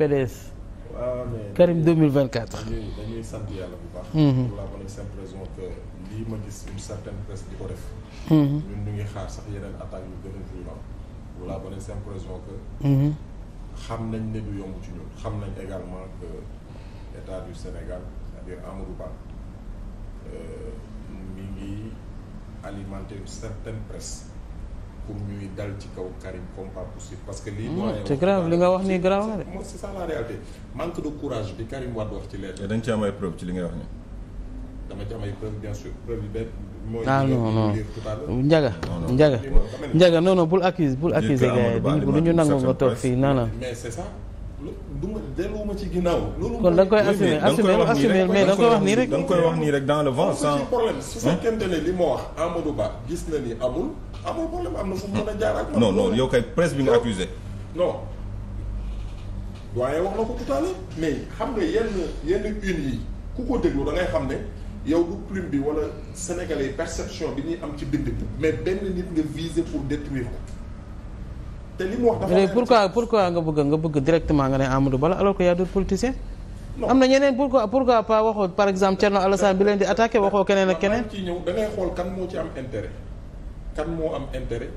PDS. waaw mais Karim 2024. dañuy dañuy sant yàlla bu baax. Mhm. pour la bonne et simple que lii ma gis une certaine presse di ko def. Mhm. ñun ñu ngi xaar sax yeneen attaques yu gën a violentes pour la bonne et simple que. Mhm. xam nañ ne du yomb ci ñun xam nañ également que état du Sénégal c'est-à-dire Amadou euh, ngi alimenter une pour ñuy dal ci kaw Karim comme pas possible parce que lii hmm, doyen c'est grave li nga wax nii grave na de c'est manque de courage bi Karim Wade wax ci lettre da nga ci am preuve ci li nga wax ni dama ci am ay preuve bien sûr preuve yi mooy ah non non Ndiaga Ndiaga Ndiaga non non bul accuse bul accuse gars eh, yi du ñu nangu nga toog fii non non mais c'est ça du ma delluwuma ci ginnaaw. loolu kon da nga koy assumer assumer mais da koy wax nii rek da nga koy wax nii rek dans le vent sans problème su fekkente ne li ma wax Amadou Ba gis na ni amul amul problème am na fu mu mën a jaar ak. non non yow kay presse bi nga accusé. non doyen wax na ko tout mais xam nga yenn yenn une yi ku ko déglu da xam ne yow du plume bi wala sénégalais perception bi ñuy am ci bind bi mais benn nit nga viser pour détruire ko. te li mu wax dafa pourquoi pourquoi nga bëgg nga bëgg directement nga ne Amadou Ba la alors que y a am na ñeneen pourquoi pourquoi pas waxoo par exemple Thierno Alassane bi leen attaqué waxoo keneen keneen. ci ñëw da ngay xool kan moo ci am intérêt. kan moo am intérêt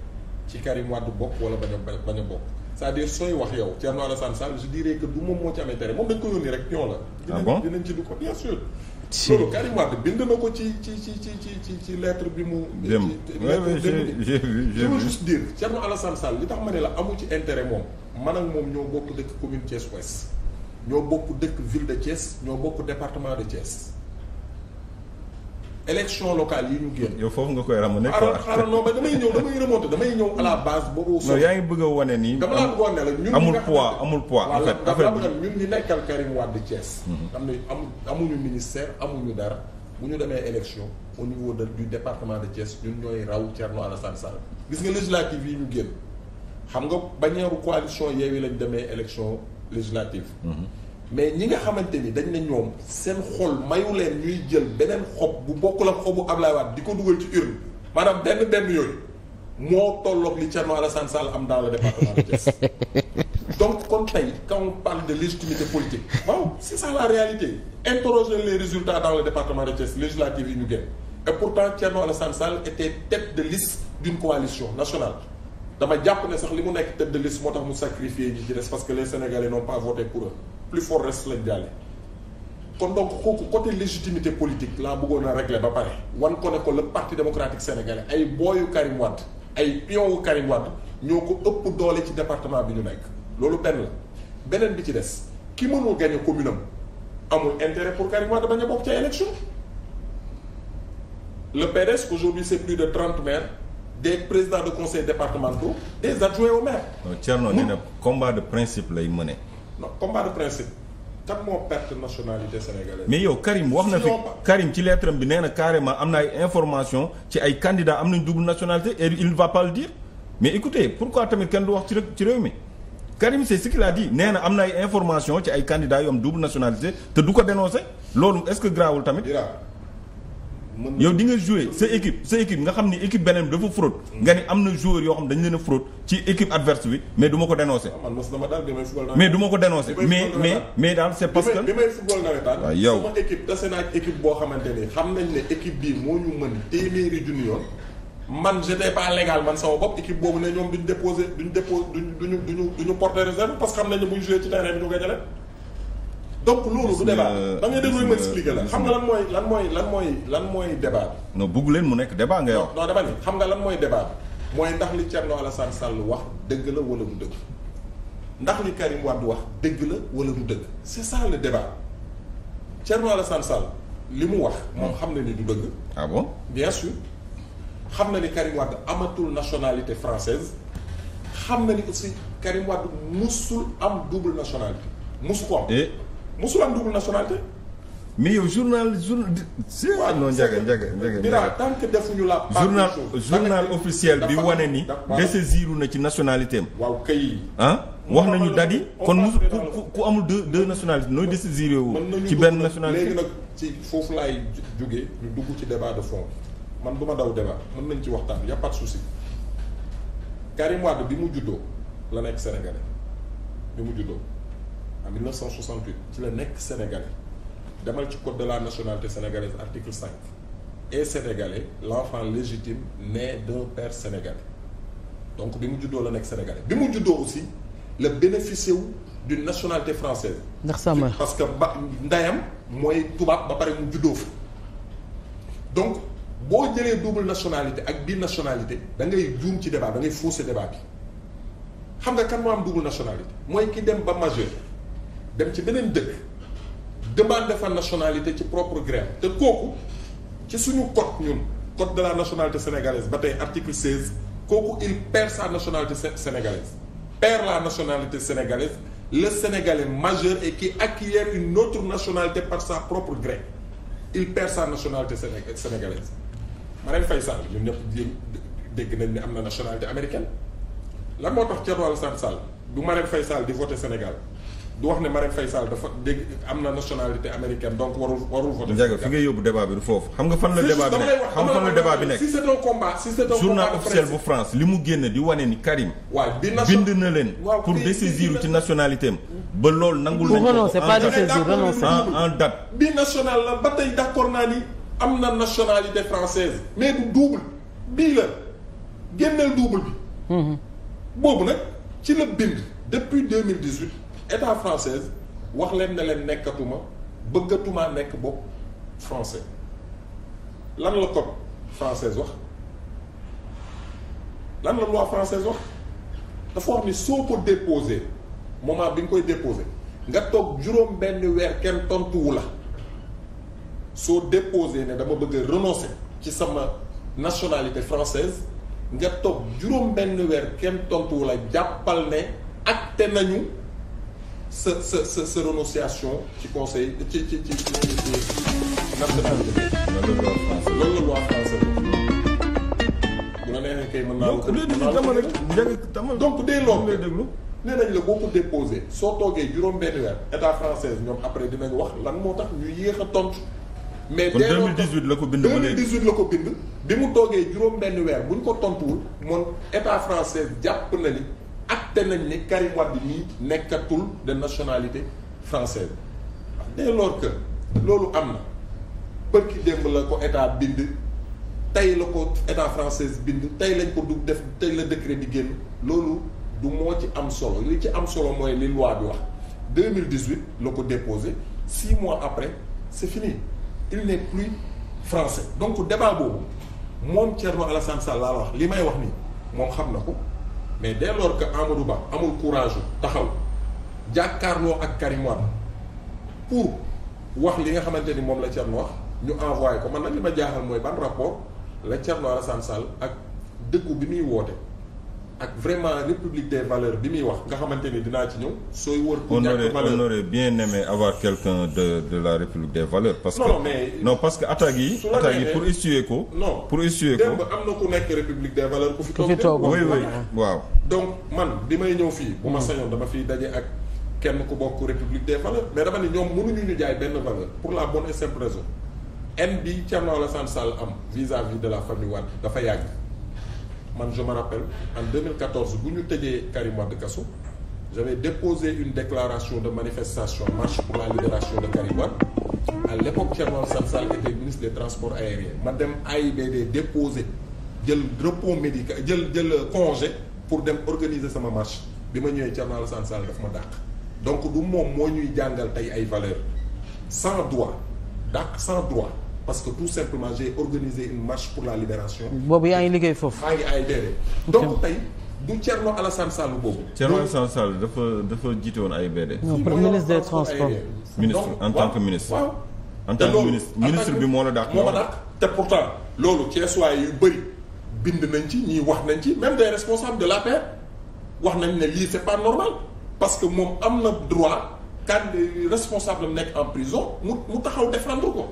ci Karim Wade bokk wala bañ a bañ a bokk cest à sooy wax yow Thierno Alassane Sall je dirais que moom moo ci am intérêt moom dañ ko yónni rek ñoo la. Ah dinañ dinañ ci du ko bien sûr. si loolu ko ci ci ci ci ci ci ci lettre bi mu. dem waaw j'ai je veux juste dire Thierno Alassane Sall li tax ma ne la amu ci intérêt moom man ak moom ñoo bokk dëkk commune Thiès Ouest ñoo bokk dëkk ville de Thiès ñoo bokk département de Thiès. élection locale yi ñu génn. yow foofu nga koy ramener quoi xaaral non mais damay ñëw damay remonter damay ñëw à la base boobu. yaa ngi bëgg a wane ni. dama la bëggoon ne la ñun amul poids amul poids. en fait affaire bi ñun ñi nekkal Karim Wade Thiès. Mhm. xam ne amuñu ministère amuñu dara bu ñu demee élection au niveau de du département de Thiès ñu ñooy raw Thierno Alassane Sall. gis nga législative yi ñu génn xam nga bannière coalition Yewwi lañ demee élection législative. Mhm. mais ñi nga xamante ni dañ ne ñoom seen xol mayu leen ñuy jël beneen xob bu bokkul la xobu Ablaye Wade di ko dugal ci urne maanaam benn benn yooyu moo tolloog li Thierno Alassane Sall am dans le département de Thiès donc kon tey quand on parle de légitimité politique waaw c'est ça la réalité interroger les résultats dans le département de Thiès législative yi ñu génn et pourtant Thierno Alassane Sall était tête de liste d'une coalition nationale dama jàpp ne sax li mu nekk tête de liste moo tax mu sacrifier ñi ci des parce que les sénégalais n'ont pas voté pour eux plus fort reste lañ jàlle kon donc kooku côté légitimité politique laa bëggoon a régler ba pare wan ko ne ko le parti démocratique sénégalais ay booyu Karim Wade ay pion wu Karim Wade ñoo ko ëpp doole ci département bi ñu nekk loolu benn la beneen bi ci des ki mënul gagné commune am amul intérêt pour Karim Wade bañ a bokk ca élection le PDS de trente des présidents de conseils départementaux des adjoints au maire. non Thierno nee na combat de principe lay mëne. non combat de principe. kan moo perte mais yow Karim wax na fi Karim ci lettre bi nee na carrément am na ay information ci ay candidats am nañ double nationalité et il ne va pas le dire mais écoutez pourquoi tamit kenn du wax ci ci réew mi. Karim c'est ce qu'il a dit nee na am na ay information ci ay candidats yu am double nationalité te du ko dénoncé loolu est-ce que grawul tamit. yow di nga jouer sa équipe sa équipe nga xam ni équipe beneen dafa fraude. Hmm. nga ni am na joueur yoo xam dañu leen a fraude ci équipe adverse bi mais du ma ko dénoncer. Ah, mais du ma ko dénoncer. mais mais mais daal c'est parce que. bi may football nawetaan waaw yow sama équipe xam nañ ne équipe bii moo ñu mën téeméeri junni man j'étais pas légal man sama bopp équipe boobu ne ñoom duñ déposé duñ déposé duñu duñu duñu porter réserve parce xam nañ ne buñ jouer ci terrain bi ñu gagné donc loolu du débat da ngay déglu ma expliquer la xam nga lan mooy lan mooy lan mooy lan mooy débat bi. non leen mu nekk débat ngay wax. non dama ni xam nga lan mooy débat mooy ndax li Thierno Alassane Sall wax dëgg la wala du dëgg ndax li Karim Wade wax dëgg la wala du dëgg c'est ça le débat Thierno Alassane Sall li mu wax. moom hmm. xam na ni du dëgg. ah bien sûr xam na ni Karim Wade amatul nationalité française xam na ni aussi Karim Wade musul am double nationalité musu ko mosul am double nationalité. mais yow journal journal. waaw non Ndiaga Ndiaga Ndiaga Ndiaga tant que defuñu la. journal journal officiel bi wane ni. dessaisiru na ci nationalité am. waaw kay. ah wax nañu dadi kon mosu ku ku amul deux deux nationalités nooy dessaisiré wu. ci benn nationalité léegi ci foofu laay jógee ñu dugg ci débat de fond man du ma daw débat mën nañ ci waxtaan y a pas de souci Karim bi mu juddoo la nekk Sénégalais bi mu juddoo. en 1968 ci la nekk sénégalais demal ci code de la nationalité sénégalaise article 5 et sénégalais l'enfant légitime né d'un père sénégalais donc bi mu juddoo la nekk sénégalais bi mu juddoo aussi la bénéficier wu d'une nationalité française ndax sama parce que ba ndayam mooy tubaab ba pare mu juddoo fa donc boo jëlee double nationalité ak bi nationalité da ngay juum ci débat da ngay fausser débat bi xam nga kan moo am double nationalité mooy ki dem ba majeur dem ci beneen dëkk demande fa nationalité ci propre gré te kooku ci suñu code ñun code de la nationalité sénégalaise ba tey article 16 kooku il perd sa nationalité sénégalaise perd la nationalité sénégalaise le sénégalais majeur et qui acquiert une autre nationalité par sa propre gré il perd sa nationalité sénégalaise Marième Faye Sall ñun ñëpp dégg nañ ni am na nationalité américaine lan moo tax Thierno Alassane Sall du Marième Faye Sall di voter Sénégal du wax ne Marème Faye Sall dafa dégg am na nationalité américaine donc warul warul voter. Ndiaga fi ngay yóbbu débat bi du foofu. xam nga fan la débat bi nekk xam nga bu France li mu génn di wane ni Karim. waaw di bind na leen. pour décisir ci nationalité ba loolu nangul nañ ko en date en bi national la ba tey d'accord naa ni am na nationalité française mais du double bii la génneel double bi. Mhm. boobu nag ci la bind depuis 2018. état française wax leen ne leen nekkatuma bëggatuma nekk bopp français lan la ko française wax lan la loi française wax dafa wax ni soo ko déposé moment bi nga koy déposé nga toog juróom benn weer kenn tontuwu la soo déposé ne dama bëgg a renoncer ci sama nationalité française nga toog juróom benn weer kenn tontuwu la jàppal ne acte nañu sa sa sa sa renonciation ci conseil ci ci ci ci nationalité. loolu la loi française bu la neexee kay mën naa la. donc donc dès lors lay déglu. nee nañ la boo ko déposé soo toogee juróom-benn weer état française ñoom après dinañ wax lan moo tax ñu yéex a tontu. mais dès lors 2018 la ko bind. 2018 la ko bind. bi mu toogee juróom-benn weer bu ñu ko tontuwul moom état français jàpp na ni. acte nañ ni Karim Wade nii nekkatul de nationalité française de lors que loolu am na bërki démb la ko état bind tey la ko état française bind tey lañ ko du def tey la décret di génn loolu du moo ci am solo li ci am solo mooy li loi bi wax 2018 la ko déposé six mois après c'est fini il n'est plus français donc débat boobu moom Thierno Alassane Sall laa wax li may wax nii moom xam na ko mais dès lors que Amadou Ba amul courage taxaw jàkkaarloo ak Karim pour wax li nga xamante ni moom la Thierno wax ñu envoyé ko man nag li ma jaaxal mooy ban rapport la Thierno Alassane Sall ak dëkku bi muy woote. ak vraiment république des valeurs bi muy wax nga xamante ni dinaa ci ñëw sooy wër pour ñàkk valeur on aurait bien aimé avoir quelqu'un de de la république des valeurs parce que non, mais, non parce que attaques yi attaques yi pour essuyer ko non pour essuyer ko démb am na ku nekk république des valeurs ku fi toog oui oui waaw donc man bi may ñëw fii bu ma hmm. sañoon dama fiy daje ak kenn ku bokk république des valeurs mais dama ne ñoom mënuñu ñu jaay benn valeur pour la bonne et simple raison la famille dafa yàgg man je me rappelle en 2014 bu ñu tëjee Karim Wade kaso j'avais déposé une déclaration de manifestation marche pour la libération de Karim Wade à l'époque Thierno Alassane Sall était ministre des transports ma dem AIBD déposé jël repos médical jël jël congé pour dem organiser sama marche bi ma ñëwee Thierno Alassane Sall daf ma dàq donc du moom moo ñuy jàngal tey ay valeurs cent droit dàq sans droit parce que tout simplement j'ai organisé une marche pour la libération. boobu yaa ngi liggéey foofu. maa ngi AIBD. donc tey du Thierno Alassane Sall boobu. Thierno Alassane Sall dafa dafa jiite woon AIBD. non ministre des transports. ministre en tant que ministre. ministre bi moo la dàq. moo ma dàq te pourtant loolu Ceesuwaay yu bëri bind nañ ci ñii wax nañ ci même des responsables de l'APR wax nañ ne lii c'est pas normal parce que moom am na droit quand responsable am nekk en prison mu mu taxaw défendre ko.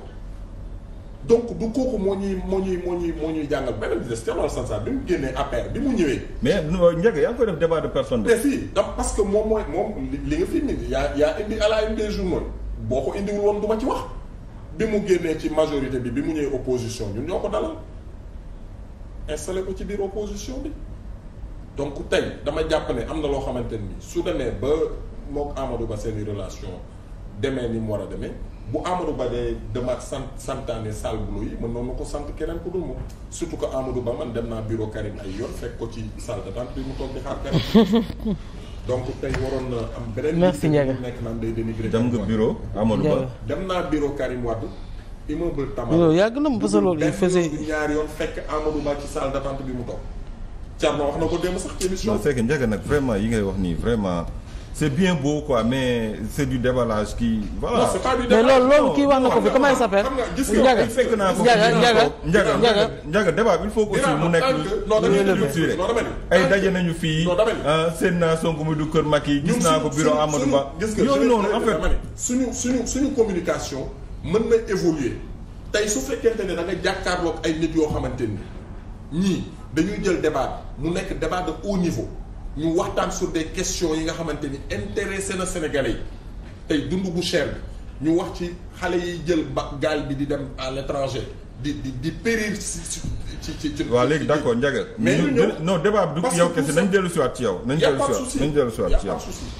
donc du kooku moo ñuy moo ñuy moo ñuy moo ñuy jàngal beneen bi de Thierno bi mu génnee affaire bi mu ñëwee. mais euh, njëkk yaa ngi koy def débat de personne. mais si parce que moom mooy moom li nga yaa yaa indi à la une boo ko indiwul woon du ma ci wax bi mu génnee ci majorité bi bi mu ñëwee opposition ñun ñoo ko dalal installé ko ci biir opposition bi donc tey dama jàpp ne am na loo xamante ni su demee ba mook Amadou Ba seen i relation demee ni mu war a demee. bu Amadou Ba dee demaat sant santaane sal bulo yi mën na ko sant keneen ku dul moom surtout que Amadou Ba man dem naa bureau Karim ay yoon fekk ko ci salle d'attente bi mu toog di xaar waroon na am beneen merci Ndiaga nekk naan day dénigré dem nga bureau Amadou Ba dem naa bureau Karim Wade immeuble Tamba yàgg na mu parce que loolu il faisait ñaari yoon fekk Amadou Ba ci salle d'attente bi mu toog Thierno wax na ko dem sax ci émission fekk Ndiaga nag vraiment yi ngay wax nii vraiment c'est bien beau quoi mais c'est du déballage qui. voilà non c'est pas du déballage mais loolu loolu kii wax na ko fi comment il s'appelle. Ndiaga Ndiaga Ndiaga Ndiaga débat bi il faut aussi mu nekk. non damay ay daje nañu fii. Ah, seen naa Sonko muy du kër Macky gis naa ko bureau Amadou Ba. gis nga yooyu noonu en fait suñu suñu suñu communication mën na évoluer tey su fekkente ne da nga jàkkaarloog ay nit yoo xamante ni ñii dañuy jël débat mu nekk débat de haut niveau. ñu waxtaan sur des question yi nga xamante ni intéressé na Sénégalais yi tey dund gu cher bi ñu wax ci xale yi jël ba gaal bi di dem à l'étranger di di di périr ci ci ci. waaw léegi d'accord Ndiaga mais non débat bi yow kese nañ dellu si ci yow. nañ dellu si ci yow.